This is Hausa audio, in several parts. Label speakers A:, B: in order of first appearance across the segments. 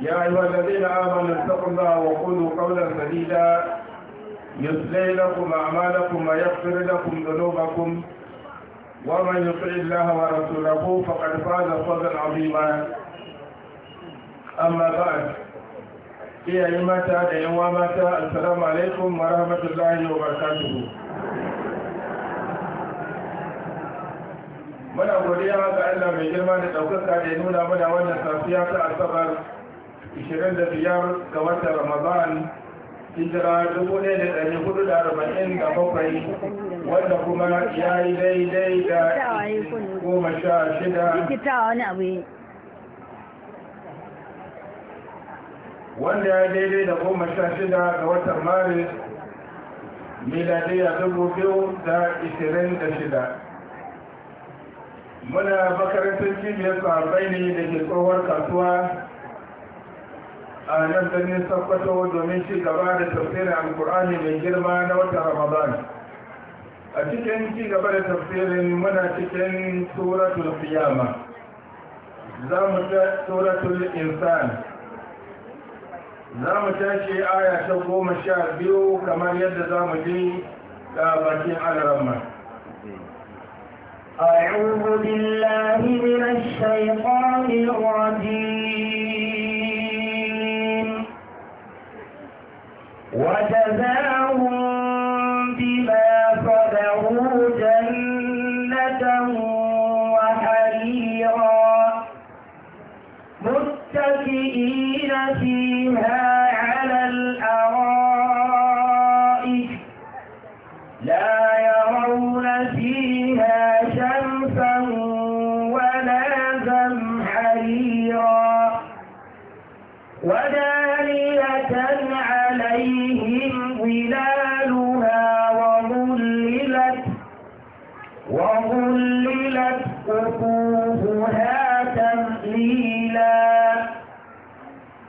A: يا أيها الذين آمنوا اتقوا الله وقولوا قولا سديدا يصلح لكم أعمالكم ويغفر لكم ذنوبكم ومن يطع الله ورسوله فقد فاز فوزا عظيما أما بعد يا أيها يا الأمة السلام عليكم ورحمة الله وبركاته muna godiya ga Allah mai girma da ɗaukaka da nuna mana wannan safiya ta asabar Ishirin da biyar ga watan ramadan hijira 1447 wanda kuma ya yi daidai da goma sha shida wanda ya daidai da goma sha shida ga watan maris da shida. muna makarantar cibiyar sahabbai ne da ke tsohon kasuwa a nan ganin sakwato domin ci gaba da tafsirin alkur'ani mai girma na wata ramadan a cikin ci gaba da tafsirin muna cikin suratul qiyama za mu ta suratul insan za mu tashi aya ta goma sha biyu kamar yadda za mu ji da bakin alaramma أعوذ بالله من
B: الشيطان الرجيم وجزاهم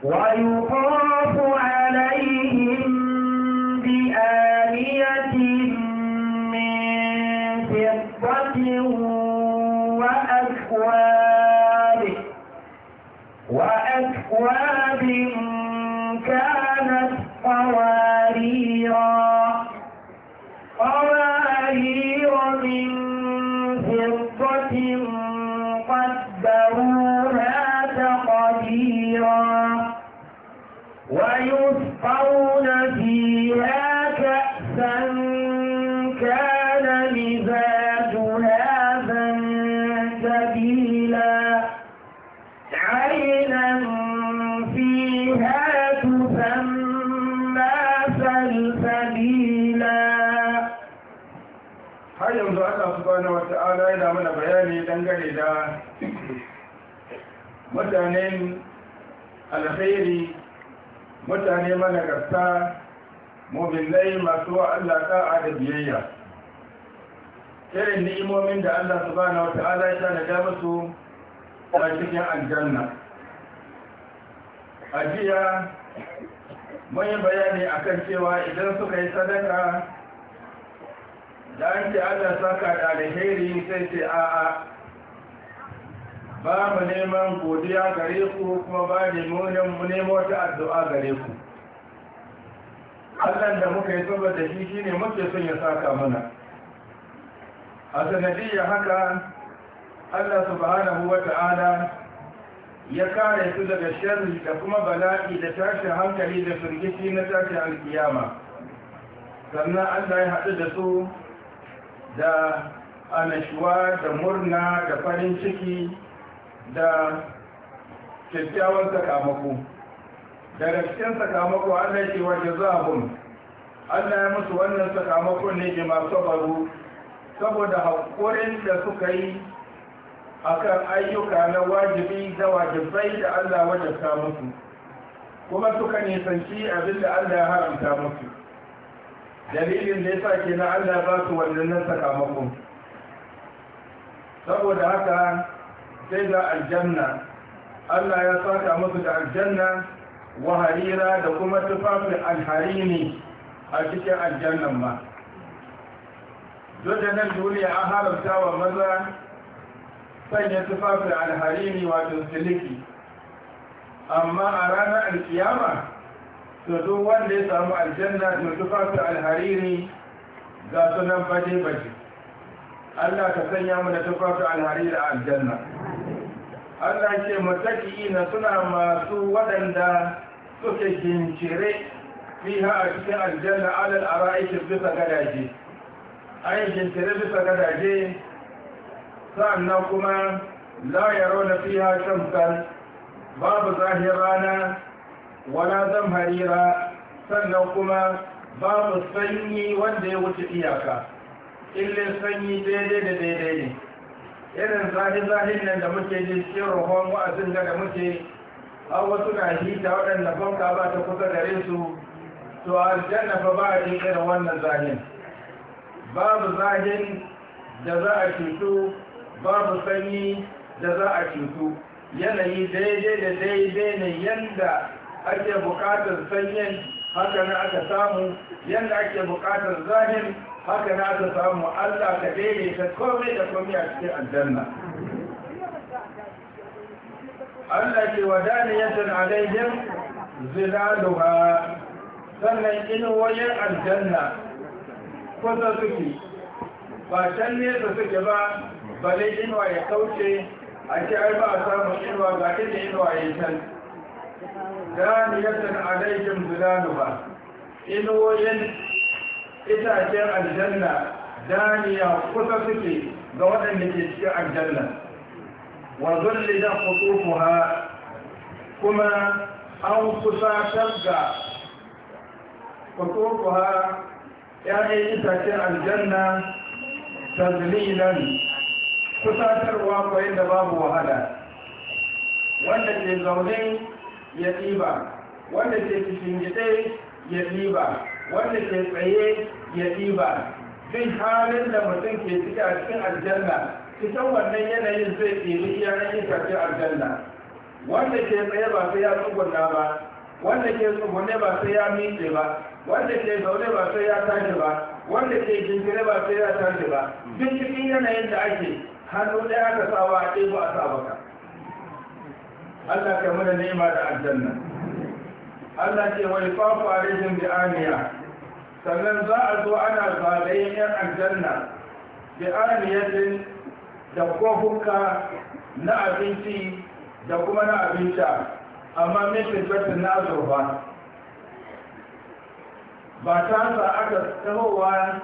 B: ويخاف عليهم
A: bayani dangane da mutanen alkhairi mutane managarta mubillai masu wa Allah ta'a da biyayya irin ni'imomin da Allah subhanahu wata'ala ya da musu a cikin aljanna ajiya jiya mun yi bayani akan cewa idan suka yi sadaka da an ce allah saka da alheri sai ce a'a ba mu neman godiya gare ku kuma ba mu nemo ta addu'a gare ku allah da muka yi saboda shi shi ne muke son ya saka mana a sanadiyya haka allah subhanahu wa ta'ala ya kare su daga sharri da kuma bala'i da tashin hankali da firgici na tashi alkiyama sannan allah ya haɗu da su da anashuwa da murna da farin ciki da kyakkyawan sakamako Da cikin sakamako allah ke waje zaɓun allah ya musu wannan sakamako ne ke masu baro saboda haƙurin da suka yi akan ayyuka na wajibi da wajibai da allah wajabta musu kuma suka nisanci abin da allah ya haramta musu dalilin da yasa na Allah ba su wannan sakamakon saboda haka sai da aljanna Allah ya saka musu da aljanna wa harira da kuma tufafin alharini a cikin aljannan ma duk da nan duniya an haramta wa maza sanya tufafin alharini wato siliki amma a ranar alkiyama to wanda ya samu aljanna to tufafi alhariri ga sunan baje baje Allah ka sanya mu da tufafi alhariri a aljanna Allah ce mataki ina suna masu waɗanda suke gincire fiha a cikin aljanna alal ara'iki bisa gadaje an gincire bisa gadaje sa'annan kuma la na fiha shamsan babu zahirana wala harira sannan kuma babu sanyi wanda ya wuce iyaka ille sanyi daidai da daidai ne irin zahi-zahin nan da muke ji cikin wa'azin da da muke an suna hita waɗanda fanka ba ta kusa gare su to aljanna fa ba a ji irin wannan zahin babu zahin da za a cutu babu sanyi da za a cutu yanayi daidai da daidai ne yanda ake bukatar sanyin haka na aka samu yadda ake bukatar zahin haka na aka samu allah ka daidaita komai da komai a cikin aljanna
C: allah ke na alaihim
A: zilaluha sannan inuwoyin aljanna kusa suke ba can nesa suke ba bale inuwa ya kauce a ce ai ba a samun inuwa ga inda inuwa ya can
C: daniyatan
A: alaihim zilaluha inuwoyin itacen aljanna daniya kusa suke ga waɗanda ke cikin aljanna wa zulli da kutufuha kuma an kusatar da kutufuha ‘ya'yan itacen aljanna tazlilan kusatarwa kwayin da babu wahala wanda ke zaune ya ɗiba wanda ke cikin ya ɗiba wanda ke tsaye ya ɗiba duk halin da mutum ke cika a cikin aljanna cikin wannan yanayin zai ɗiri iyayen itacen aljanna wanda ke tsaye ba sai ya tsugunna ba wanda ke tsugunne ba sai ya miƙe ba wanda ke zaune ba sai ya tashi ba wanda ke jinkiri ba sai ya tashi ba duk cikin yanayin da ake hannu ɗaya ka sawa a ɗebo a sa baka Allah ka mana nema da aljanna Allah ce wai fafu alaihim bi aniya sannan za a zo ana zagayen yan aljanna bi aniyatin da kofuka na abinci da kuma na abinci amma min fitbatin na azurfa ba ta sa aka tahowa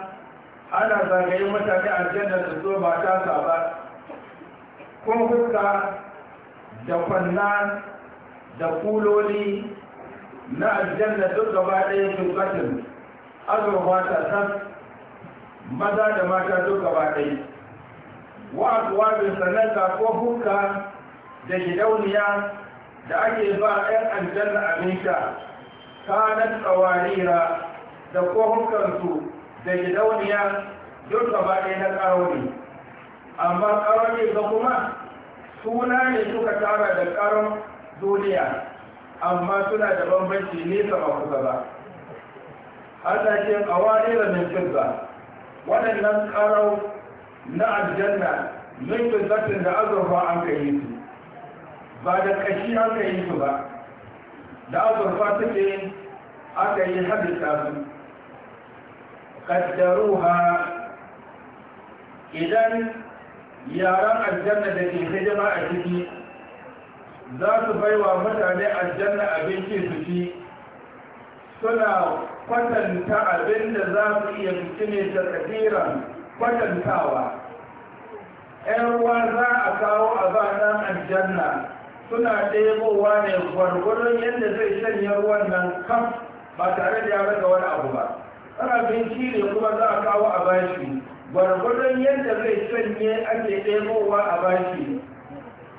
A: ana zagayen mutane aljanna da zo ba ta sa ba kofuka da kwanna da kuloli na aljanna duk gaba ɗaya sun katin azurfa ta san maza da mata duk gaba ɗaya wa bin sannan ko hukka da gidauniya da ake ba 'yan aljanna abin sha kanan tsawarira da hukkansu da gidauniya duk gaba ɗaya na ƙaroni amma ƙaroni ga kuma suna ne suka tara da karon duniya amma suna da bambanci nesa a kusa ba ana ce da min fidda waɗannan karau na aljanna min fiddatin da azurfa an kai yi ba da kashi an kai yi ba da azurfa suke aka yi hadita su kaddaruha idan yaran aljanna da ke hidima a ciki za su bai wa mutane aljanna abinci su ci suna kwatanta abin da za su iya fice ne ta tsakiran kwatantawa ‘yan ruwa za a kawo a zanen aljanna suna ɗebowa ne gwargwadon yadda zai shanya ruwan nan kaf ba tare da ya raga wani abu ba. Ana shi ne kuma za a kawo a bashi gwargwadon yadda zai sanye ake ɗebowa a baki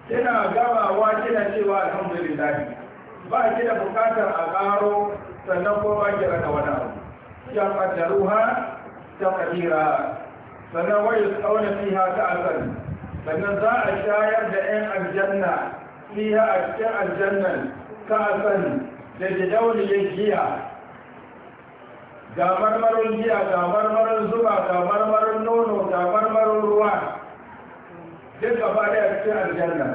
A: kina gabawa, tana cewa alhamdulillah ba ki da bukatar a ƙaro sannan ko ba ki raka wani abu ya ta ƙadira sannan wa yusqawna fiha asali sannan za a shayar da 'yan aljanna fiha a cikin aljannan asali da jidawli giya ga marmarin giya ga marmarin zuba ga marmarin nono ga marmarin ruwa duk gaba da cikin aljanna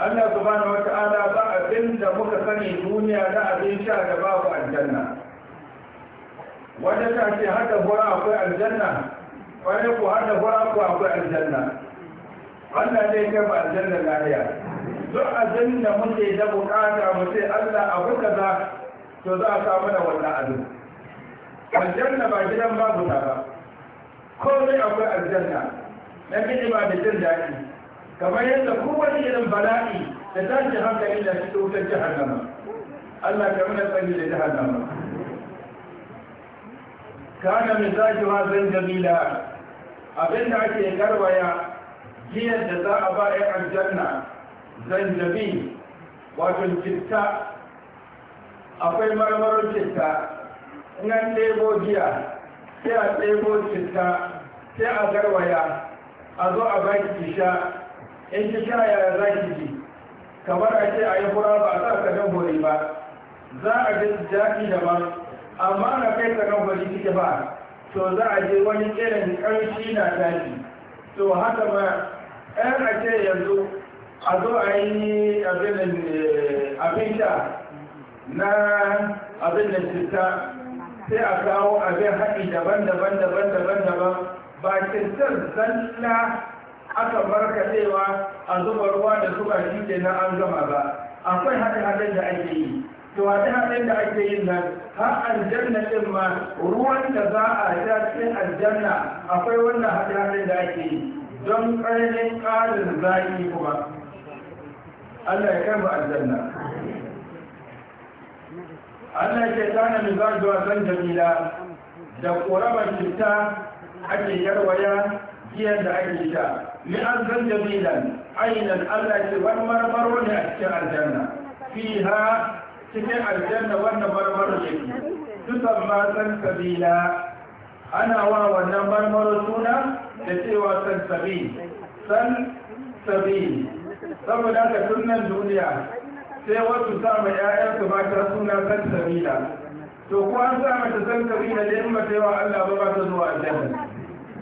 A: Allah subhanahu wata'ala ba abin da muka sani duniya na abin sha da babu aljanna wanda ta ce hada gura akwai aljanna wani ku hada gura ku akwai aljanna Allah ne ya ba aljanna lahiya duk abin da muke da bukata mu sai Allah abu kaza to za a kawo mana wannan abin aljanna ba gidan babu ta ba ko zai akwai aljanna na ba da jin daɗi kamar yadda kowane irin bala'i da za ki hankali da shi wutar nama. Allah ka mana tsari da jahannama kana mizajuwa abin abinda ake garwaya giyar da za a ba 'yan aljanna jami wato citta akwai marmaro citta in an ɗebo sai a ɗebo citta sai a garwaya a zo a baki kisha in ki ya yaya za ki ji kamar a ce a yi fura ba a sa kanan hori ba za a ji daɗi daban amma na kai kanan hori kike ba to za a je wani irin ƙarshi na tashi to haka ma ɗan a ce yanzu a zo a yi abin eh, sha na abin da cuta sai a kawo abin haɗi daban-daban daban-daban daban ba cutar zalla aka cewa a zuba ruwa da suka shi ke na an gama ba akwai haɗe-haɗen da ake yi to haɗe da ake yin nan har aljanna ɗin ma ruwan da za a sha cikin aljanna akwai wannan haɗe-haɗen da ake yi don ƙarfin ƙarin zaƙi kuma Allah ya kai mu aljanna Allah ke kana mizaju wa san jamila da ƙoramar citta ake yarwaya giyar da ake sha mi an san jamilan ainihin Allah ke wani marmaro ne a cikin aljanna fi ha cikin aljanna wannan marmaro ne dukan ma san sabila ana wa wannan marmaro suna da cewa san sabil san sabil saboda ka sunan duniya sai wasu sa ma ƴaƴansu mata suna san kabila to ko an sa mata san kabila da in mace wa Allah ba ba ta zuwa aljanna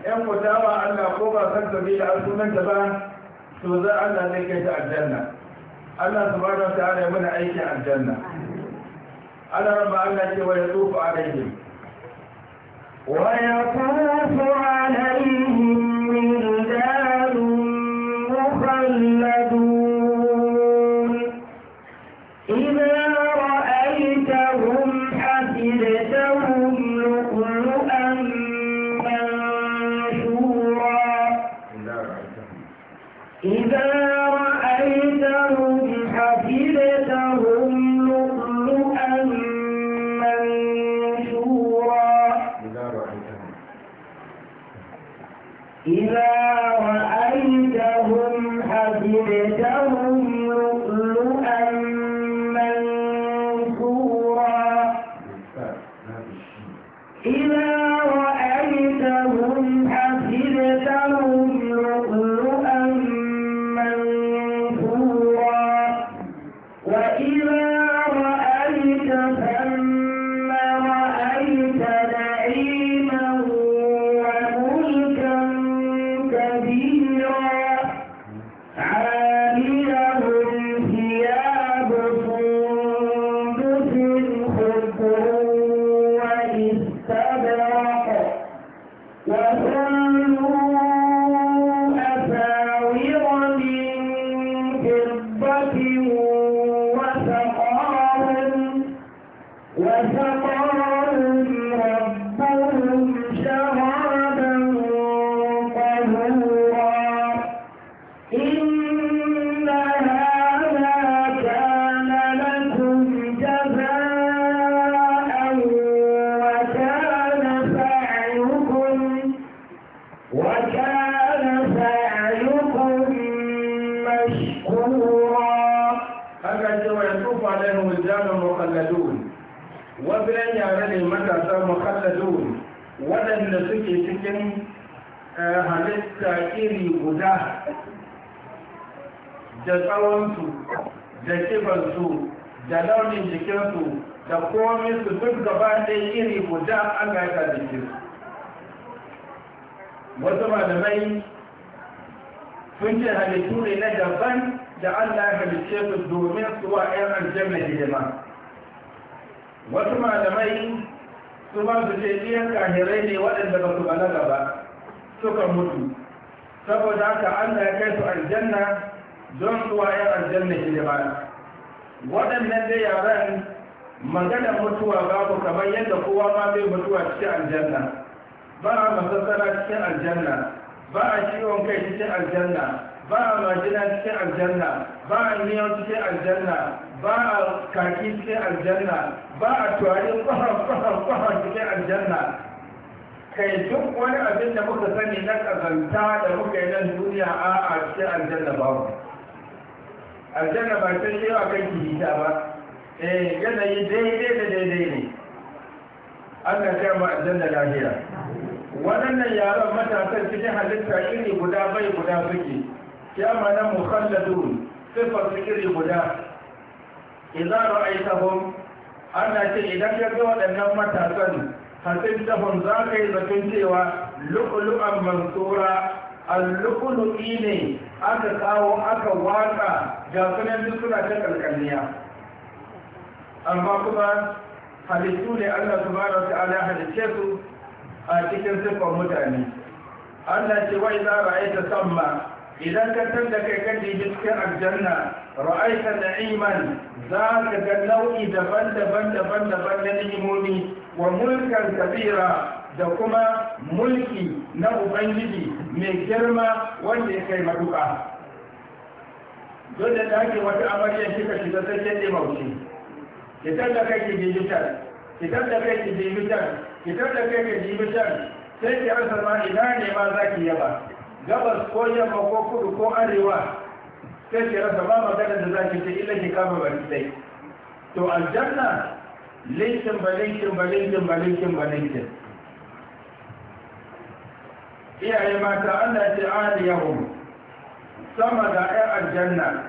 A: ƴan mutawa Allah ko ba san kabila a sunan ta ba to za Allah zai kai ta aljanna Allah subhanahu da ta'ala ya mana aikin aljanna ala rabba Allah ce wa yatufu alaihim ويطوف
B: عليهم min دار مخلد إذا رأيتهم حسبتهم
A: da tsawonsu da kifansu, da launin jikinsu da komi su duk gaba ɗaya iri guda an gaita jikinsu. wasu malamai sun ce halittu ne na daban da allah ya su domin su wa 'yan aljanna hidima wasu malamai su ba su ce biyan kahirai ne waɗanda ba su balaga ba suka mutu saboda haka allah ya kai su aljanna don zuwa yan aljanna shi ba waɗannan da yaran magana mutuwa ba ku kamar yadda kowa ma bai mutuwa cikin aljanna ba a masassara cikin aljanna ba a ciwon kai cikin aljanna ba a majina cikin aljanna ba a miyan cikin aljanna ba a kaki cikin aljanna ba a tuwarin kwahar-kwahar cikin aljanna kai duk wani abin da muka sani na ƙazanta da muka yi nan duniya a a cikin aljanna babu aljanna ba sai yawa kan kirita ba eh yanayi daidai da daidai ne Allah ya ba aljanna lafiya waɗannan yaron matasan cikin halitta iri guda bai guda suke kyama na mukhalladun sifar su iri guda idan ra'aitahum ana ce idan ka ga waɗannan matasan hasibtahum za ka yi zakin cewa lu'lu'an mansura al-lu'lu'i ne aka kawo aka waka jasunan duk suna ta kalkalniya amma kuma halittu ne allah su bara su ala halitce su a cikin siffar mutane allah ce wai za ta samma idan ka tanda kai kan dibi cikin aljanna ra'aita na'iman za ka ga nau'i daban-daban daban-daban na ni'imomi wa mulkan kabira da kuma mulki na ubangiji mai girma wanda ya kai matuka? don da ta ake wata amarya kika shiga sai ya ɗe maushi ki da kai ki jibi can ki da kai ki jibi can ki da kai ki jibi sai ki rasa ma ina ne ma za ki yaba gabas ko yamma ko kudu ko arewa sai ki rasa ma magana da za ki ce illa ki kama ba sai. to aljanna linkin ba linkin ba linkin ba linkin ba linkin iyaye mata Allah ce aliyahum sama da ayar aljanna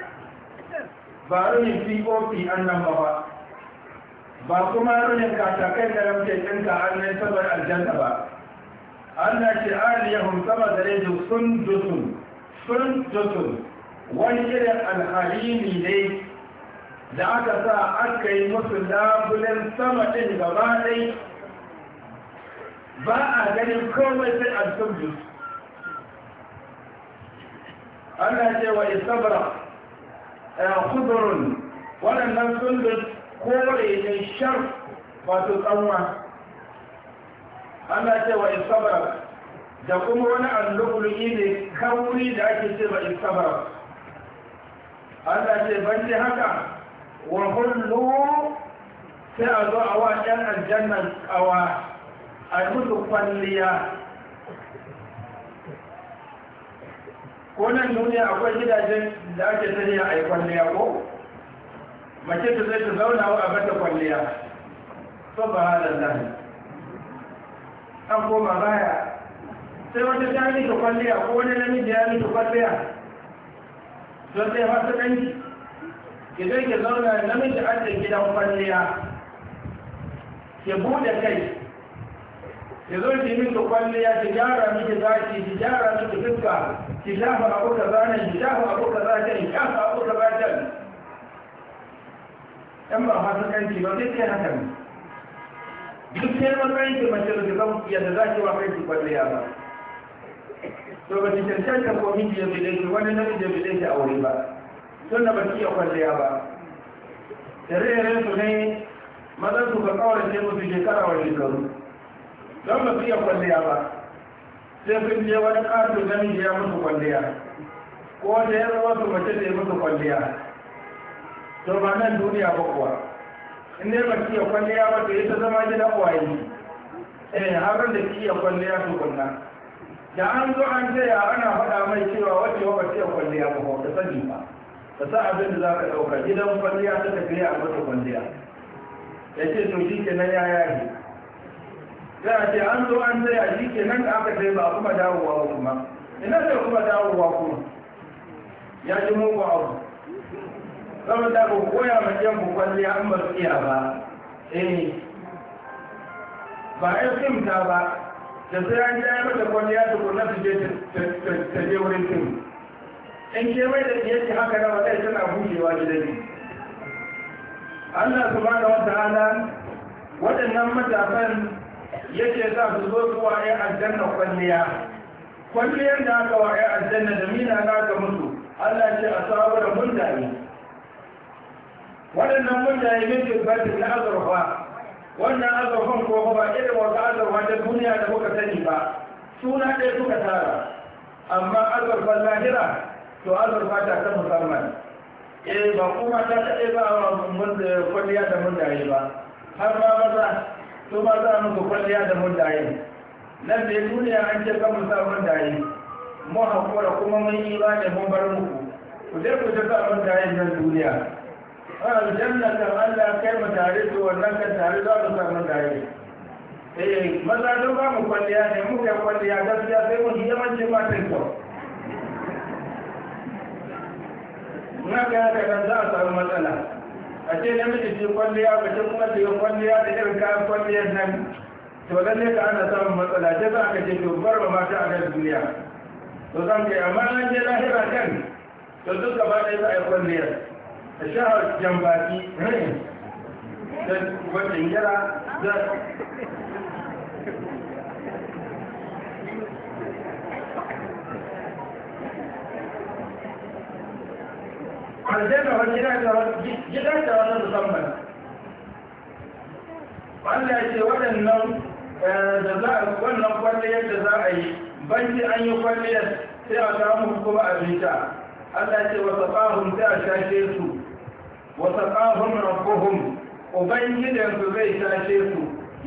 A: ba ruhin pop annan ba ba ba kuma ruhin katakai da ramke ɗinka annan sabar aljanna ba Allah ce aliyahum sama da rejin sun dusun sun dusun wani irin alhalimi ne da aka sa aka yi musu labulen sama ɗin gaba ɗai ba a ganin komai sai a sujud Allah ce wa istabra eh, khudrun waɗannan sundus kore ne shar wato tsamma. Allah ce wa istabra da kuma wani allubulu'i ne kauri da ake ce wa istabra Allah ce ban ce haka wa hullu sai a zo a wa ɗan aljannan ƙawa a musu kwalliya ko nan duniya akwai gidajen da ake tafiya a yi kwalliya ko mace ta zai ta zauna wa a bata kwalliya subhanallahi an koma baya sai wata ta ta kwalliya ko wani namiji ya ta kwalliya don sai masu ɗanki ki zai ke zauna namiji a cikin gidan kwalliya ke buɗe kai ya zo ki min kwalliya ki gyara miki zaki ki gyara miki fuska ki shafa abu ka zanen ki shafa abu ka zaken ki shafa abu ka zaken ɗan ba fasikanci ba zai kai haka ne duk sai matsayin ki mace da zan yadda da zaki wa kai ki kwalliya ba to ba ki cancanta ko miki ya bide ki wani namiji ya bide ki aure ba na ba ki iya kwalliya ba da rere su ne mazan su ka kawai sai musu shekara wa shekaru don ba su iya kwalliya ba sai sun je wani ƙato namiji ya musu kwalliya ko wata ya zama su mace da ya musu kwalliya to ba nan duniya ba kuwa in ne ba su iya kwalliya ba to ita zama gidan uwaye eh har da ki iya kwalliya tukunna da an zo an taya ana faɗa mai cewa wacce wa ba su iya kwalliya ba ba sani ba ka sa abin da za ka ɗauka gidan kwalliya ta tafiya a mata kwalliya ya ce to shi kenan ya yaye sai a ce an zo an tsaya shi ke nan da aka sai ba kuma dawowa kuma ina da kuma dawowa kuma ya ji mugu abu zama da ku koya ma jan ku kwalli an ba su iya ba eh ba ya ta ba da sai an jaya mata kwalli ya tukur na su je ta je wurin sim in ke mai da yake haka na wata tana bushewa gidan ne Allah subhanahu wa ta'ala waɗannan matasan yake za su zo zuwa ya aljanna kwalliya kwalliyar da aka wa ya aljanna da mina na ga mutu Allah ce a sabu da mundaye waɗannan mundaye min jibbatin na azurfa wannan azurfan ko ba irin wasu azurfa ta duniya da kuka sani ba suna ɗaya suka tara amma azurfan lahira to azurfa ta ta musamman eh ba kuma ta taɓa ba a kwalliya da mundaye ba har ma maza to ba za muku kwalliya da mundaye nan da duniya an ce kan musa mundaye mu hakura kuma mun yi da mun bar muku ku je ku ta sa mundaye nan duniya aljanna kan Allah kai mu tare da wannan kan tare za mu sa mundaye eh maza don ba mu kwalliya ne ga kwalliya gaskiya sai mun yi yawancin matan kyau na ga ka nan za a samu matsala a ce namiji ce kwalliya ba ta kuma ce kwalliya da irin kayan kwalliyar nan to lalle ka ana samun matsala ce za ka ce to bar ba mata a nan duniya to zan kai amma na je lahira kan to duk gaba ɗaya za a yi kwalliyar a shahar jambaki da wajen
C: gira da aljanna wa gida
A: ta wata musamman Allah ce waɗannan eh, da za a wannan kwalliyar da za a yi banki an yi kwalliyar sai a samu kuma abinta Allah ce wata ƙahun sai a shashe su wata ƙahun rabbuhum ubangidansu zai shashe su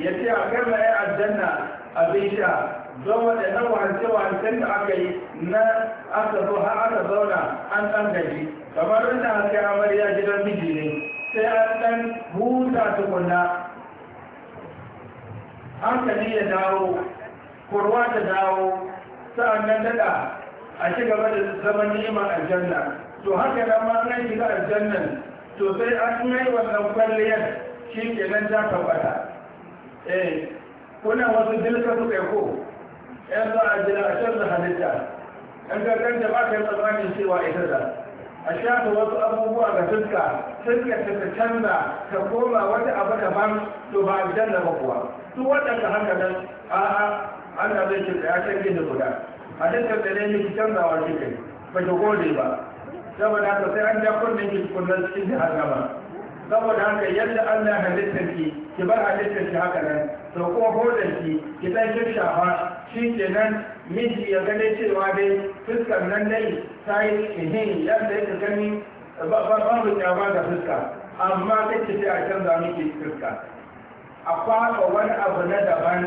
A: ya ce a kan ya aljanna abin don waɗannan wahalce-wahalcen da aka yi na aka zo har aka zauna an ɗan gaji kamar da aka yi amarya gidan miji ne sai an ɗan huta tukunna hankali ya dawo kurwa ta dawo sa'an nan daga a ci gaba da zaman neman aljanna to haka nan ma an shiga aljannan to sai an mai wannan kwalliyar shi ke nan ta tabbata eh kuna wasu dilka su kai ko yan za a jira a canza halitta an gaggar da ba ka yi tsammanin cewa ita da a shafa wasu abubuwa ga fuska fuska ta canza ta koma wata abu da ban to ba da ba kuwa su waɗanda haka nan a'a da zai ce ya san gini guda a dukkan da ne canza wa shi kai ba ki gode ba saboda haka sai an ja kunnen ki kunnen cikin jahannama saboda haka yadda Allah ya halittar ki ki bar halittar ki haka nan to ko hodar ki ki dan shafa shi kenan miji ya gane cewa dai fuskar nan dai ta yi ihin eh, yadda yake gani babu da fuska amma a canza fuska a wani abu na daban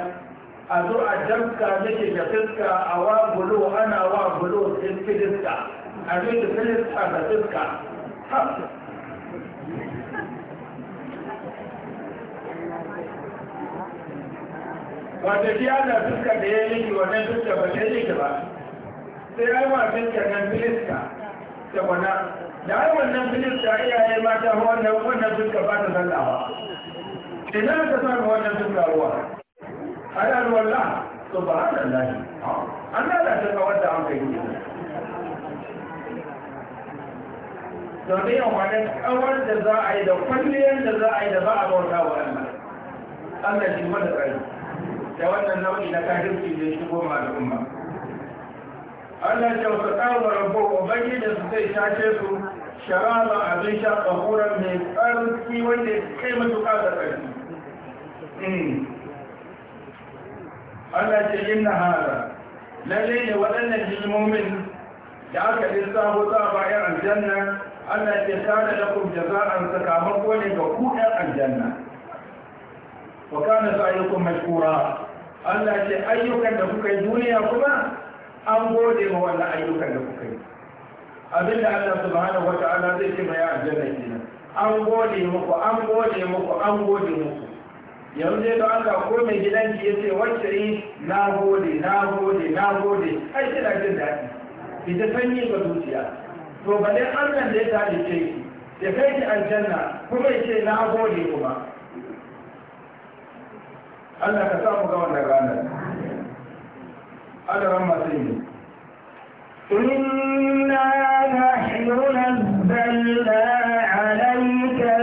A: a zo a jamka miki da fuska a wa bulo ana wa bulo in filiska a miki filiska da fuska
C: wata fiya da fuska da ya
A: yi wannan fuska ba ta yi ba sai ya ma kanka nan filista da wana da ai wannan filista iyaye mata wannan wannan fuska ba ta sallah ba ina ka samu wannan fuska ruwa ala ruwallah subhanallah an lalata ka wanda an kai ne domin yau ma dan kawar da za a yi da kwalliyar da za a yi da ba a bauta wa Allah Allah shi mana tsari da wannan nau'i na kafirci da shigo ma al'umma Allah ya wasaka wa rabu ubangijin su zai shace su sharaba abin sha tsakuran mai tsarki wanda kai matuƙa da ƙarfi hmm. Allah ce yin na hada lalle ne waɗannan jimomin da aka lissafo za a bayan aljanna Allah ce tare da kuma jaza'an sakamako ne ga kuɗin aljanna wa kana sa'ayukum mashkura Allah ce ayyukan da kuka yi duniya kuma an gode ma wannan ayyukan da kuka yi abinda Allah subhanahu wa ta'ala zai ce mai aljanna kina an gode muku an gode muku an gode muku yanzu dai da Allah ko mai gidanki yace wacce yi na gode na gode na gode ai kina jin daɗi ita sanyi ga zuciya to ba dai Allah da ya talice ki ya kai ki aljanna kuma yace na gode kuma Allah ka samu ga wannan ranar هذا ما
B: إنا نحن نزلنا عليك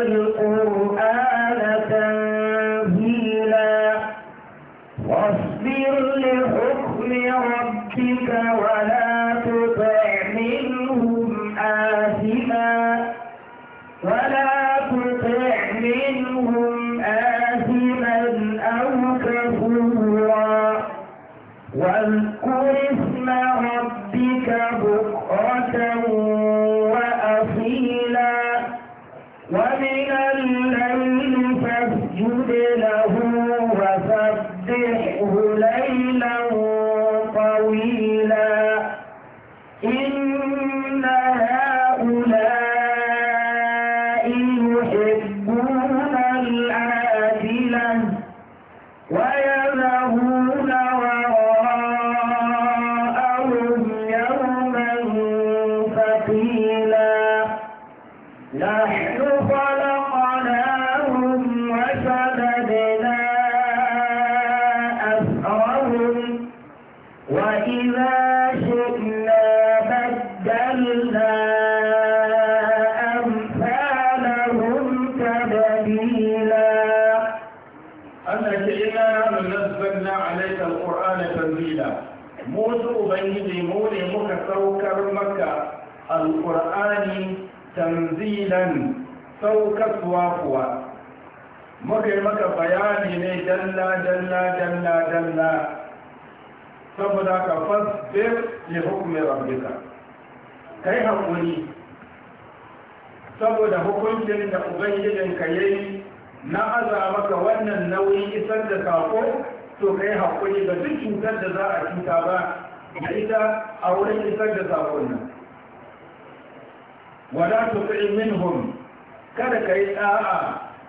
A: jalla jalla jalla jalla saboda ka fasbir li hukmi rabbika kai hakuri saboda hukuncin da ka yayi na aza maka wannan nauyin isar da sako to kai hakuri ga duk cutar da za a cuta ba da ita a wurin isar da sakon nan wala tuqi minhum kada kai da'a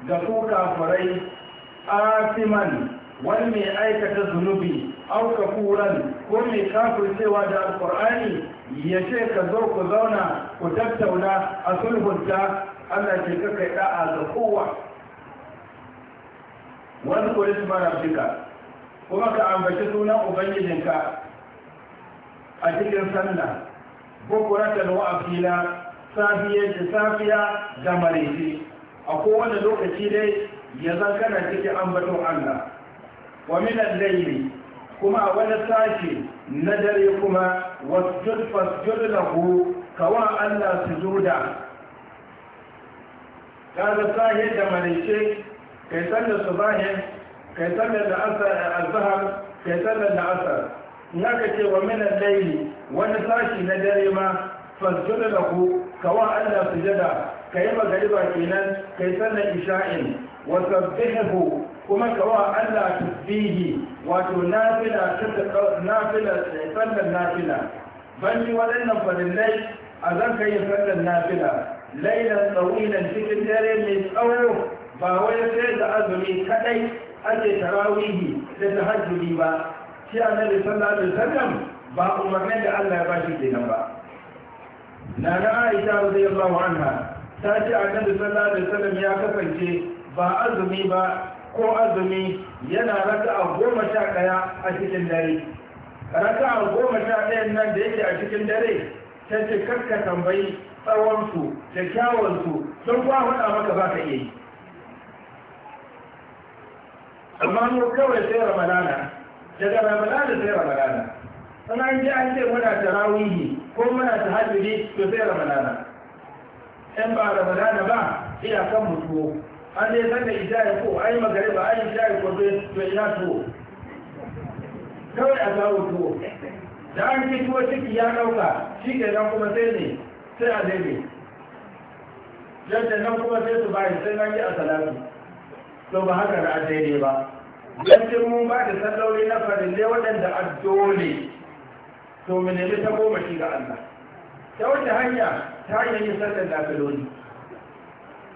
A: ga su kafirai asiman wani mai aikata zunubi auka kuran ko mai kafircewa da alkur'ani ya ce ka zo ku zauna ku tattauna a sulhunta allah ce ka kai da'a ga kowa wani kuma ka ambaci sunan ubangijinka a cikin sallah bukuratan wa afila safiya da marici a kowane lokaci dai ya zan kana cikin ambaton Allah wa minan laili kuma a wani sashi na dare kuma wasjud fasjud lahu kawa Allah Ka kaga sahi da malice kai sallar subahin kai sallar da asar azhar kai sallar da asar naka ce wa minan laili wani sashi na dare ma fasjud lahu kawa Allah sujada kai magariba kenan kai sallar isha'in wasabbihu kuma kawa Allah tasbihi wato nafila ta nafila sallar nafila bani waɗannan farillai a zan kai sallar nafila lailan tsawilan cikin dare mai tsawo ba wai sai da azumi kaɗai ake tarawihi da tahajjudi ba shi da sallallahu alaihi wasallam ba umarnin da Allah ya bashi kenan ba nana Aisha radiyallahu anha ta ce annabi sallallahu alaihi wasallam ya kasance ba azumi ba ko azumi yana raka a goma sha ɗaya a cikin dare raka a goma sha ɗaya nan da yake a cikin dare ta ce karka tambayi tsawonsu da kyawunsu sun kwa faɗa maka ba ka yi amma mu kawai sai ramadana daga ramadana sai ramadana sana an ji an ce muna ta rawuyi ko muna ta tahajjudi to sai ramadana in ba ramadana ba iya kan mutuwo an dai zaka ijaye ko ai magare ba yi ijaye ko to ina tuwo kawai a kawo tuwo da an yi tuwo ciki ya ɗauka, shi ke nan kuma sai ne sai a daidai yadda nan kuma sai su bayi sai nan yi a salatu to ba haka da a ne ba yanzu mun ba da sallauri na farille waɗanda a dole to mu nemi ta goma shi ga Allah ta wata hanya ta hanyar yin sallar lafiloli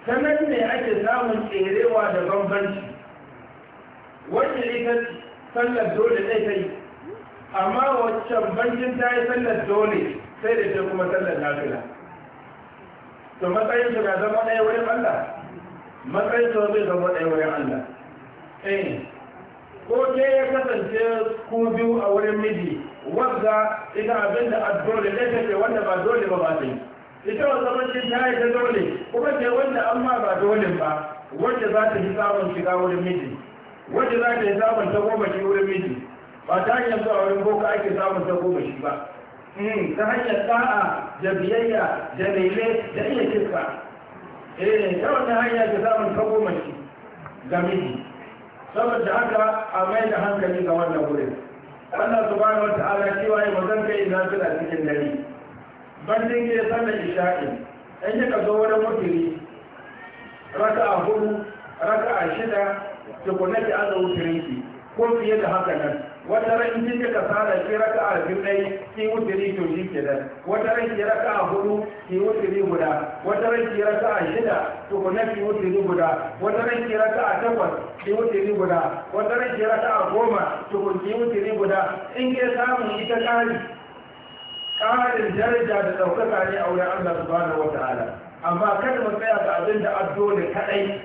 A: ta nan ne ake samun tserewa da bambanci wacce ita sallar dole ɗai ta yi amma waccan bankin ta yi sallar dole sai da ta kuma sallar nafila to matsayin su na zama ɗaya wurin Allah matsayin su bai zama ɗaya wurin Allah eh ko ke ya kasance ku biyu a wurin miji wanda ita abinda a dole ɗai ta ce wanda ba dole ba ba ta yi ita wa zaman cin ta yi ta dole kuma ce wanda an ma ba dole ba wanda za ta yi samun shiga wurin miji wanda za ta yi samun ta goma shi wurin miji ba ta hanyar zuwa wurin boko ake samun ta goma shi ba hmm, ta hanyar sa'a da biyayya da lele da iya kiska eh ta wata hanyar ta samun ta goma shi ga miji saboda haka a mai da hankali ga wannan wurin Allah subhanahu wa ta'ala cewa ya mazan kai na a cikin dare bandin ke sallar isha'i in yi zo wani mutiri raka a hudu raka a shida tukuna ki aza wutirinki ko fiye da haka nan wata ran ki ka sara ki raka a biyu ɗai ki wutiri to shi ke nan wata ran ki raka a hudu ki wutiri guda wata ran ki raka a shida tukuna ki wutiri guda wata ran ki raka a takwas ki wutiri guda wata ran ki raka a goma tukun ki wutiri guda in ke samun ita kari ƙarin daraja da ɗaukaka ne a wurin Allah subhanahu wa ta'ala amma kada mu tsaya ga abin da addole kaɗai,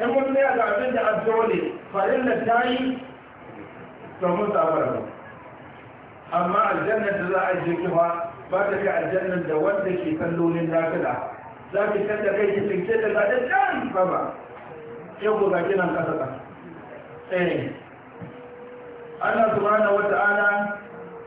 A: in mun tsaya ga abin da addole farilla ta yi to mun samu rabu amma aljannar da za a je kuma ba ta kai aljannar da wanda ke kallonin nafila za ki kalla kai ki tsinke da ga dan baba yau ku ga kinan kasa ka eh Allah subhanahu wa ta'ala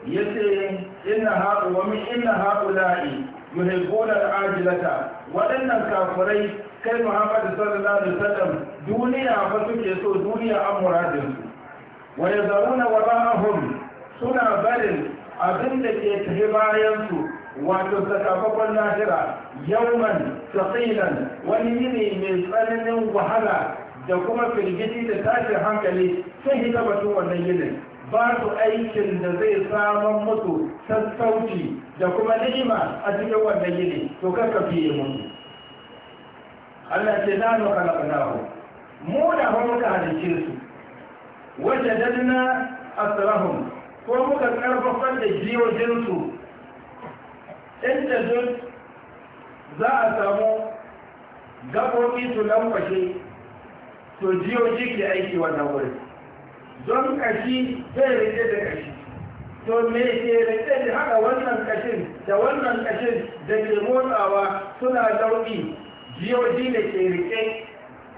A: yace inna haɗu wa min inna haɗula'i yuhibbuna al'ajilata waɗannan kafirai kai Muhammad sallallahu alaihi wasallam duniya fa suke so duniya an muradin su wa yazaruna wara'ahum suna barin abin da ke tafi bayan su wato sakamakon lahira yauman tsakilan wani yini mai tsananin wahala da kuma firgiti da tashin hankali sun hita batun wannan yinin ba su aikin da zai samun mutu sassauci da kuma ni'ima a cikin wannan gini to kakka fiye mutu Allah ce na nuka na ɓanahu mu da muka halice su wajen dalina tsarahun ko muka ƙarfafar da jiyojinsu inda duk za a samu gaɓoɓi su lankwashe to jiyoji ke aiki wannan wurin don kashi zai rike da kashi to me ke rike da haka wannan kashin da wannan kashin da ke motsawa suna zauɗi jiyoji da ke rike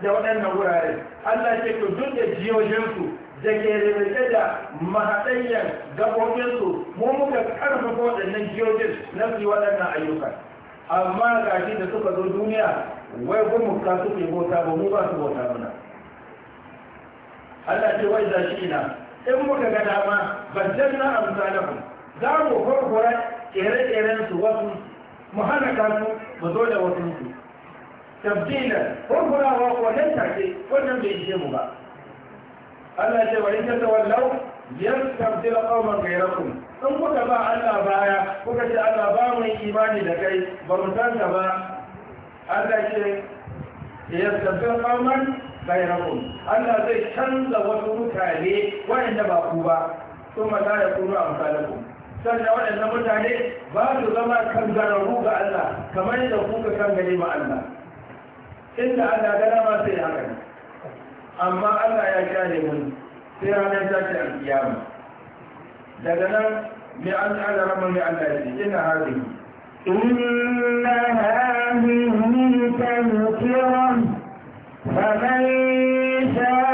A: da waɗannan wuraren allah ce ku duk da jiyojinsu da ke rike da mahaɗayyar gabobinsu mu muka ƙarfafa waɗannan jiyojin na fi waɗannan ayyukan amma gashi da suka zo duniya wai gumu ka suke bauta ba mu ba su bauta mana Allah ce wai za shi ina in muka ga dama bajjan na amsalahu za mu farfara ƙere-ƙeren su wasu mu hana mu zo da wasu su tabdila wa ko nan take wannan bai ishe mu ba Allah ce wa in ta wallau yastabdil qauman ghayrakum in kuka ba Allah baya kuka ce Allah ba mu imani da kai ba mu san ka ba Allah ce yastabdil qauman bayanakun Allah zai canza wasu mutane waɗanda ba ku ba kuma la yakunu amsalakum sannan waɗanda mutane ba su zama kan kangararru ga Allah kamar yadda kan kangare ma Allah inda Allah gana ma sai haka amma Allah ya kyale mun sai ranar ce alkiyama daga nan mai an tsada ramar mai Allah ya ce ina hazihi إن هذه
B: تذكرة فمن شاء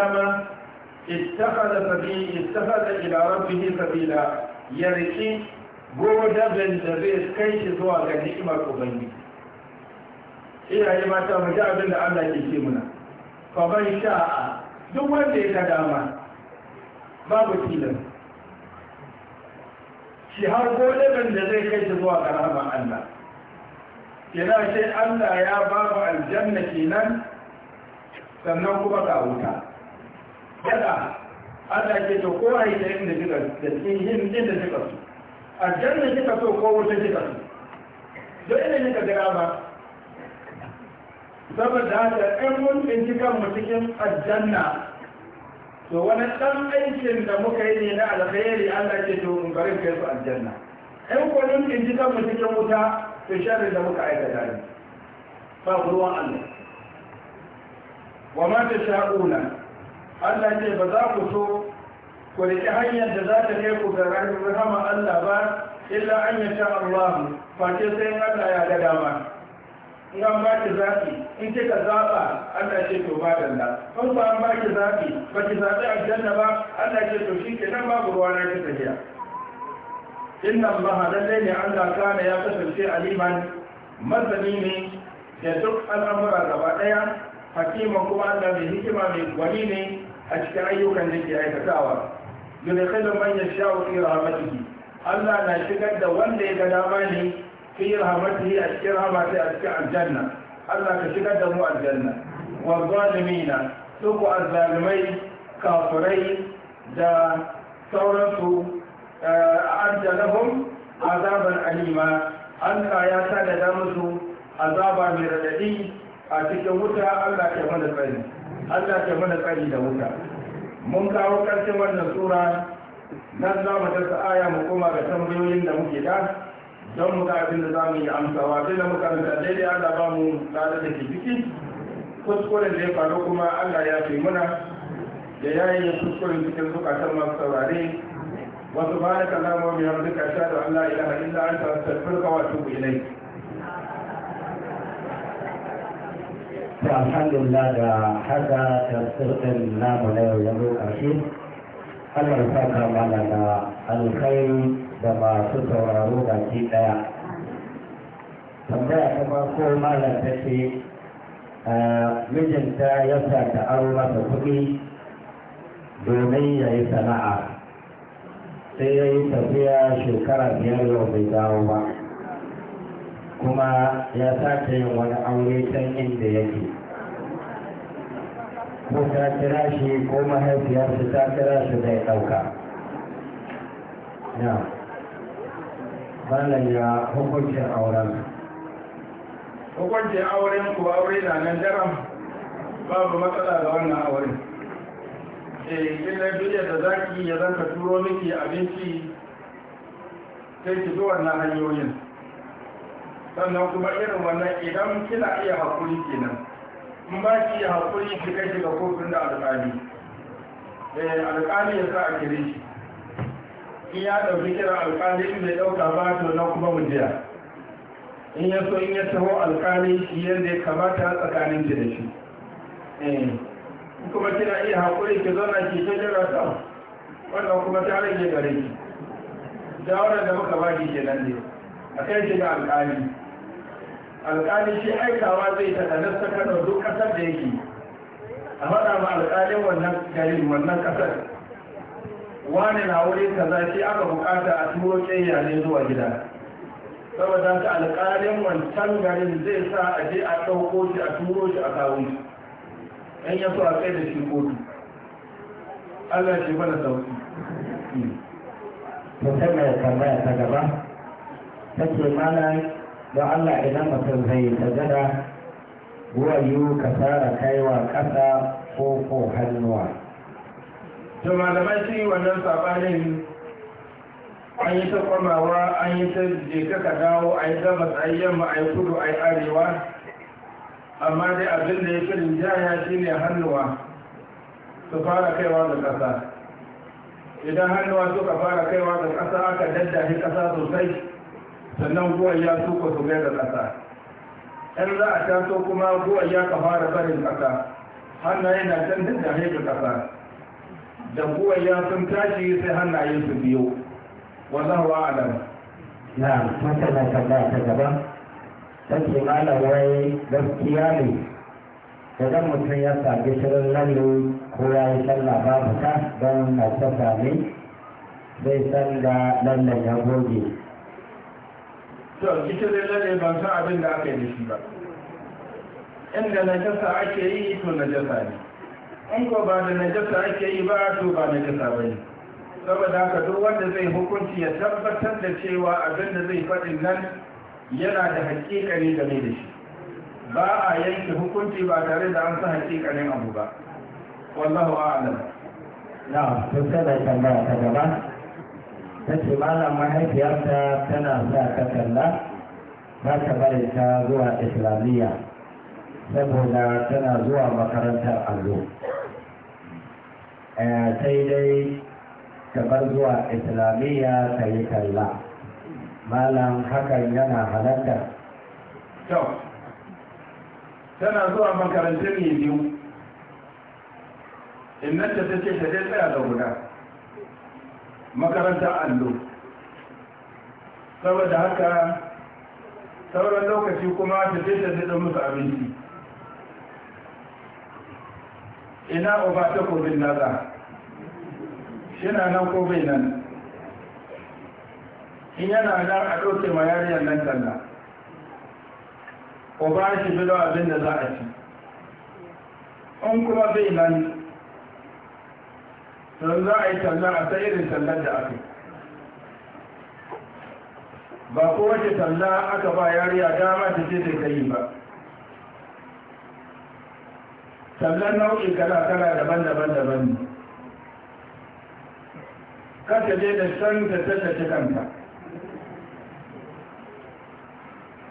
A: dama ittakhadha sabila ittakhadha ila rabbihi sabila yarki godaben da zai kai shi zuwa ga ni'imar ubangiji iyaye mata mu ji abin Allah ke ce muna fa ban duk wanda ya ga dama babu tilan shi har godaben da zai kai shi zuwa ga rahama Allah kina sai Allah ya babu aljanna kenan sannan kuma ga wuta daga Allah ke to ko ai da inda kika da cikin yin din da A so aljanna kika so ko wuta kika so don inda kika gara ba saboda haka ɗan mun tsinci kanmu cikin aljanna to wani ɗan aikin da muka yi ne na alkhairi Allah ke to in bari kai su aljanna ɗan kwanin tsinci kanmu cikin wuta to sharri da muka aikata ne ba ruwan Allah wa ma ta sha'una Allah ce ba za ku so ku riƙi hanyar da za ta kai ku ga rahama Allah ba illa an yi sha Allah ce sai Allah ya ga dama in ba ki zaɓi in kika zaɓa Allah ce to ba danda in ba an ba ki zaɓi ba ki zaɓi aljanna ba Allah ce to shi kenan babu ruwa na ki tafiya inna Allah lallai ne Allah kana ya kasance aliman masani ne da duk al'amura gaba ɗaya hakima kuma Allah mai hikima mai gwani ne a cikin ayyukan da ke aikatawa yudkhilu man yasha'u fi rahmatihi Allah na shigar da wanda ya ga dama ne fi rahmatihi a cikin rahmatihi a cikin aljanna Allah ka shigar da mu aljanna wa zalimina su ku azalimai kafurai da sauransu eh, a lahum azaban alima Allah ya sa da damusu azaba mai radadi a cikin wuta Allah ke mana tsari Allah ta mana tsari da wuta mun kawo karshen wannan sura nan za mu dasa aya mu koma ga tambayoyin da muke da don mu ga abin da za mu yi amsawa sai da makaranta daidai Allah ba mu tsada da ke ciki kuskuren da ya faru kuma Allah ya fi muna da ya yi kuskuren cikin zukatan masu saurare wasu ba da kalamomi har duka sha da Allah ilaha da an tafi tattarka wa ilai
C: da alhamdulillah da
D: haka tafsirin namu na yau ya zo ƙarshe Allah ya saka mana da alkhairi da masu sauraro baki ɗaya. Tambaya kuma ko malam ta ce ah, mijinta ya sa ta aro masa kuɗi domin ya yi sana'a sai ya yi tafiya shekara biyar yau bai dawo ba. kuma ya sake yin wani aure can inda yake ko ta kira shi ko mahaifiyarsa ta kira shi zai ɗauka na ya hukuncin auren
A: hukuncin auren ko aure na nan daram babu matsala ga wannan auren eh illa duniya da zaki ya zanka turo miki abinci sai ki zuwa na hanyoyin sannan kuma irin wannan idan kina iya haƙuri kenan in ba ki iya haƙuri ki kai ga kofin da alƙali eh alƙali ya sa a kire shi in ya ɗauki kira alƙali in bai ɗauka ba to na kuma mu jiya in ya so in ya taho alƙali shi yadda ya kamata tsakanin ki da shi eh kuma kina iya haƙuri ki zauna ki ta jira ta wannan kuma ta rage gare ki shawarar da muka ba ki kenan ne a kai shiga alƙali alƙali shi aikawa zai ta ɗanasta kaɗa duk ƙasar da yake a faɗa ma alƙalin wannan garin wannan ƙasar wani na wurin za shi aka buƙata a turo ƙeyane zuwa gida saboda ta alƙalin wancan garin zai sa a je a ɗauko shi a turo shi a kawo shi ɗan ya so a tsaye da shi kotu allah shi mana sauki
D: musamman ya tambaya ta gaba take mana don Allah idan mutum zai tagada wayo ka tsara kaiwa ƙasa ko ko hannuwa
A: to malamai sun yi wannan sabanin an yi ta kwamawa an yi ta jeka ka dawo a yi ta a yi yamma a yi kudu a yi arewa amma dai abin da ya fi rinjaya shi ne hannuwa su fara kaiwa ga ƙasa idan hannuwa suka fara kaiwa ga ƙasa aka daddashi ƙasa sosai sannan ruwan ya suka su mai da ƙasa ɗan za a taso kuma ruwan ya ka fara barin ƙasa hannaye na can duk da haifin ƙasa da ruwan ya sun tashi sai hannaye
D: su biyo wannan wa adam na ta ba ta gaba take malam wai gaskiya ne idan mutum ya sami shirin lalle ko ya yi sallah ba ta don na ta sami zai san da lallan ya goge
A: ita zai lalle ban san abin da aka yi da shi ba inda najasa ake yi to najasa ne in ko ba da najasa ake yi ba to ba najasa ba ne saboda haka duk wanda zai hukunci ya tabbatar da cewa abin da zai faɗin nan yana da hakikani game da shi ba a yanke hukunci ba tare da an san ne
D: abu ba wallahu a'lam na to sai da tambaya ta gaba ta ce malam mahaifiyarta tana sa ka kalla ba ta bari ta zuwa islamiyya saboda tana zuwa makarantar allo eh, sai dai ta bar zuwa islamiyya ta yi kalla malam hakan yana halatta
A: tana zuwa makarantar yi biyu innanta ta ce ta dai tsaya da guda makarantar allo saboda haka sauran lokaci kuma tafiye-tafiye don musu abinci ina uba ta kobin Shi shina nan ko bai nan in yana nan a ɗauke ma yariyar nan talla uba shi bilo abin da za a ci in kuma bai nan don za a yi talla a ta irin tallar da aka ba kowace talla aka ba yariya dama ta ce ta yi ba tallar nau'i kala-kala daban-daban daban ne kasa je da san ta tallace kanta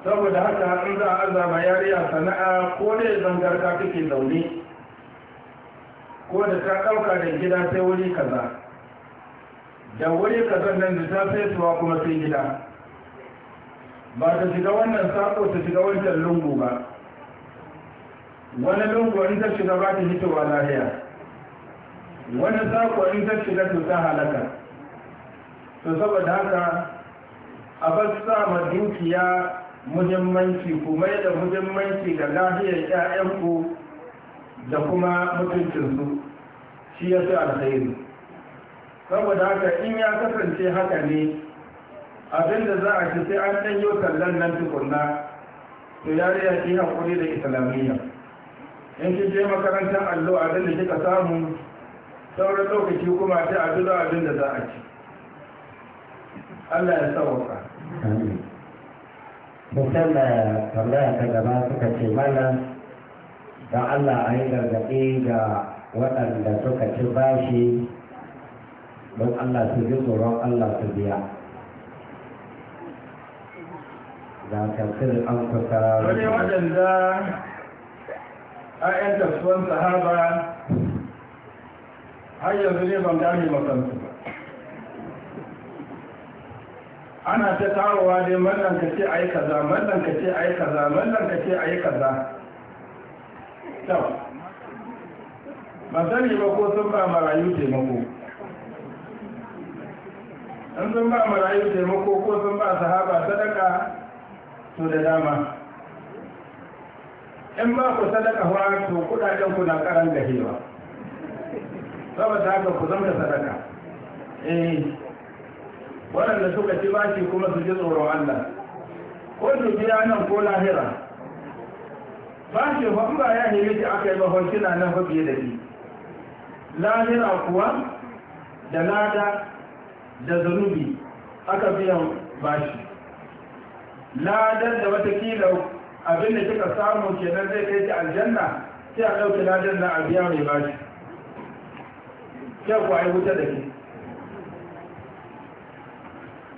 A: saboda haka in za a azama yariya sana'a ko dai zangarka kake zaune ko da ta ɗauka da gida sai wuri kaza da wuri kaza nan da ta suwa kuma sai gida ba ta shiga wannan sako ta shiga wancan lungu ba wani lungu in ta shiga ba ta hitowa lahiya wani sako in ta shiga to ta halaka to saboda haka a basa ma dukiya muhimmanci ku mai da muhimmanci ga lahiyar 'ya'yanku da kuma mutuncinsu shi ya fi alkhairi saboda haka in ya kasance haka ne abinda za a ci sai an ɗanyo kallon nan tukunna to ya riya ki haƙuri da islamiyya in ki je makarantar allo abin da kika samu sauran lokaci kuma ta addu'a abin da za a ci Allah ya sauka
C: amin
D: musamman tambaya ta gaba suka ce mallam don allah a yi gargaɗe ga waɗanda suka ci bashi don allah su ji tsoron allah su biya da tafsir an kusa wani
A: waɗanda yanta suwan sahaba har yanzu ne ban gane makamsu ba ana ta tarowa dai mallan ka ce yi kaza mallan ka ce yi kaza mallan ka ce yi kaza ba sani ba ko sun ba marayu taimako an sun ba marayu taimako ko sun ba sahaba sadaka to da dama in ba ku sadaka wa to kudaden ku na karan hewa. saboda haka ku zama sadaka eh waɗanda suka ci bashi kuma su ji tsoron Allah ko dubiya nan ko lahira Bashi shi ya nemi da aka yi mahon na nan fafiye da shi lahira kuwa da lada da zanubi aka biyan bashi ladar da watakila abin da kika samu nan zai kai ta aljanna sai a ɗauki ladar na a biya mai bashi kyau kwaye wuta da ke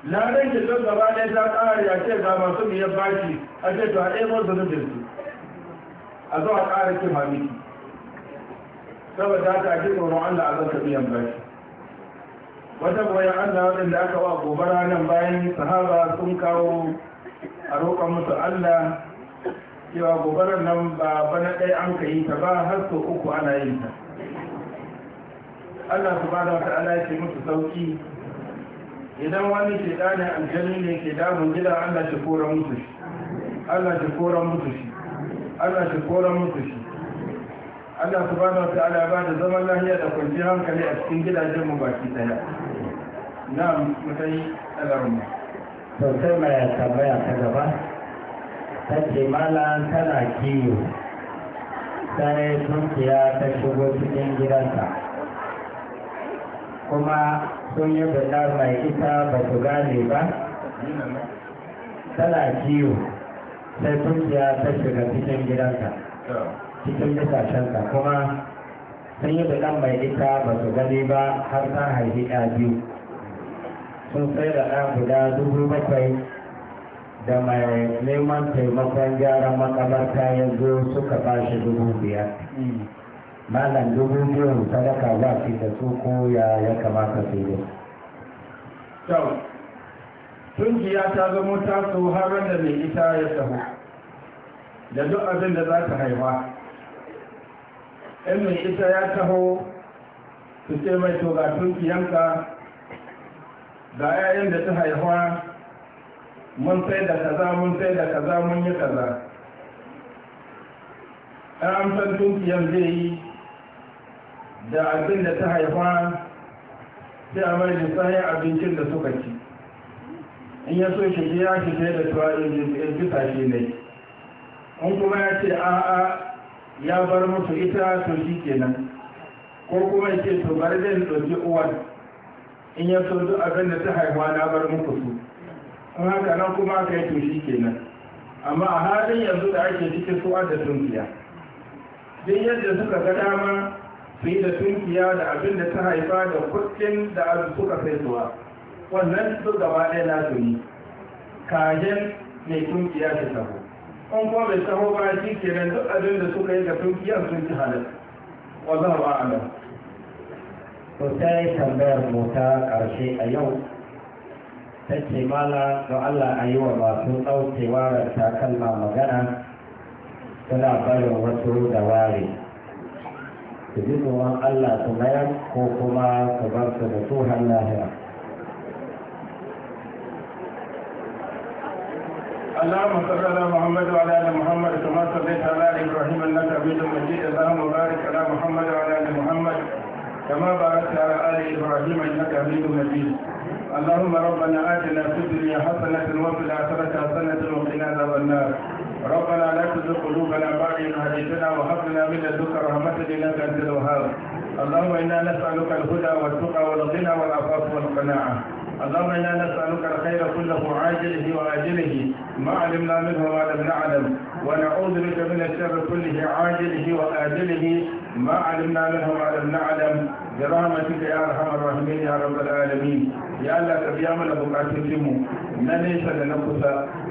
A: ladar ke don gaba ɗaya ta ƙara yace ga masu biyan bashi a ce to a ɗaya mazanubin su a zo a ƙara ke miki saboda ta ake tsoron Allah a zaka biyan bashi wata bayan Allah waɗanda aka wa gobara nan bayan sahaba sun kawo a roƙon musu Allah cewa gobarar nan ba bana ɗaya an ka yi ta ba har sau uku ana yin ta Allah su ba da wata ala ce musu sauƙi idan wani ke ɗanin aljanu ne ke damun gida Allah shi kora musu shi Allah shi kora musu shi Allah shi koran musu shi Allah wata ala ba da zaman lahiya da kwanciyar hankali a cikin gidajen mu baki daya
D: na mutai alarmu sosai mai tambaya ta gaba ta ce malam tana kiyo sai tunkiya ta shigo cikin gidansa kuma sun yi bada mai ita ba su gane ba tana kiyo sai kungiya ta shiga cikin gidanka cikin bisashenka kuma sun yi da mai ita ba su gani ba har ta haifi ɗa biyu sun sai da ɗa guda dubu bakwai da mai neman taimakon gyaran makabarta ya zo suka ba shi dubu biyar malam dubu biyu sadaka za su da su ko ya ya kamata su yi
A: tunkiya ta zama taso har wanda mai ita ya sahu da duk abin da za ta haifa in mai ita ya taho su ce mai toga kiyanka da yayin da ta haifa mun sai da kaza mun sai da kaza mun yi kaza an amsan tunkiyan zai yi da abin da ta haifa sai a mai lissahin abincin da suka ci in ya so shi ya shi da tuwa in bisa shi ne an kuma ya ce a'a ya bar musu ita to shi kenan ko kuma ya ce to bari zai ɗauki uwan in ya so duk abin da ta haihuwa na bar muku su in haka nan kuma aka yi to shi kenan amma a halin yanzu da ake cikin su da tunkiya duk yadda suka ga dama su yi da tunkiya da abin da ta haifa da kuɗin da suka kai suwa wannan su gaba ɗaya na su ne kajen mai tunkiya ta sabo kun kuma bai taho ba shi ke nan duk abin da suka yi ga sun kiyar sun ci halin
D: wallahu a'lam to sai tambayar mu ta karshe a yau ta ce mala ga Allah a yi wa masu ɗaukewa da takalma magana suna barin wasu da ware su ji tsoron Allah su mayar ko kuma su bar su da su har lahira
A: اللهم صل على محمد وعلى ال محمد كما صليت على ال ابراهيم انك حميد مجيد اللهم بارك على محمد وعلى ال محمد كما باركت على ال ابراهيم انك حميد مجيد اللهم ربنا اتنا في الدنيا حسنه وفي الاخره حسنه وقنا عذاب النار ربنا لا تزغ قلوبنا بعد ان هديتنا وهب لنا من لدنك رحمة إنك أنت الوهاب اللهم إنا نسألك الهدى والتقى والغنى والعفاف والقناعة اللهم إنا نسألك الخير كله عاجله وآجله ما علمنا منه ما لم نعلم ونعوذ بك من الشر كله عاجله وآجله ما علمنا له ما لم نعلم برحمتك يا أرحم الراحمين يا رب العالمين يا الله كبيا من بقاتل جمو نليس لنقص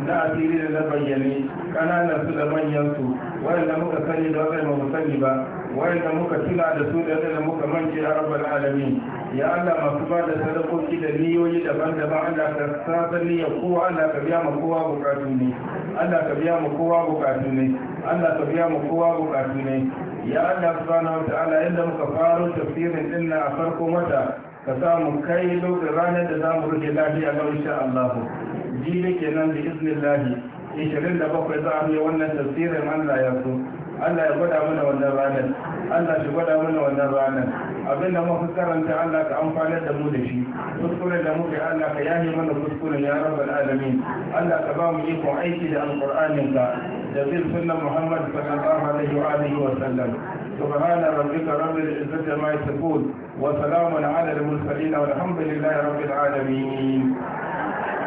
A: نأتيري لنبيني كان نسل من ينسو وإن مك سيد وغير مسلبا وإن مك سنع دسول وإن مك منك يا رب العالمين يا الله ما سبا دسلقو كده نيوي دبان دبا أنا كساسا لي يقوى أنا كبيا مقوى بقاتلني أنا كبيا مقوى بقاتلني bukatu ne Allah ka biya mu kowa bukatu ne ya Allah subhanahu wa ta'ala inda muka faro tafsirin din a farko mata ka mu kai lokacin ranar da zamu rufe lafiya ga insha Allah ji ne kenan bi iznillah 27 za a yi wannan tafsirin Allah ya so Allah ya gwada mana wannan ranar Allah shi gwada mana wannan ranar abin da muka karanta Allah ka amfanar da mu da shi kuskure da muke Allah ka yahi mana kuskuren ya rabbal alamin Allah ka ba mu ikon aiki da alqur'anin ka da bin sunnan Muhammad sallallahu alaihi wa alihi wa sallam سبحان ربك رب العزة ما يصفون وسلام على المرسلين والحمد لله رب
B: العالمين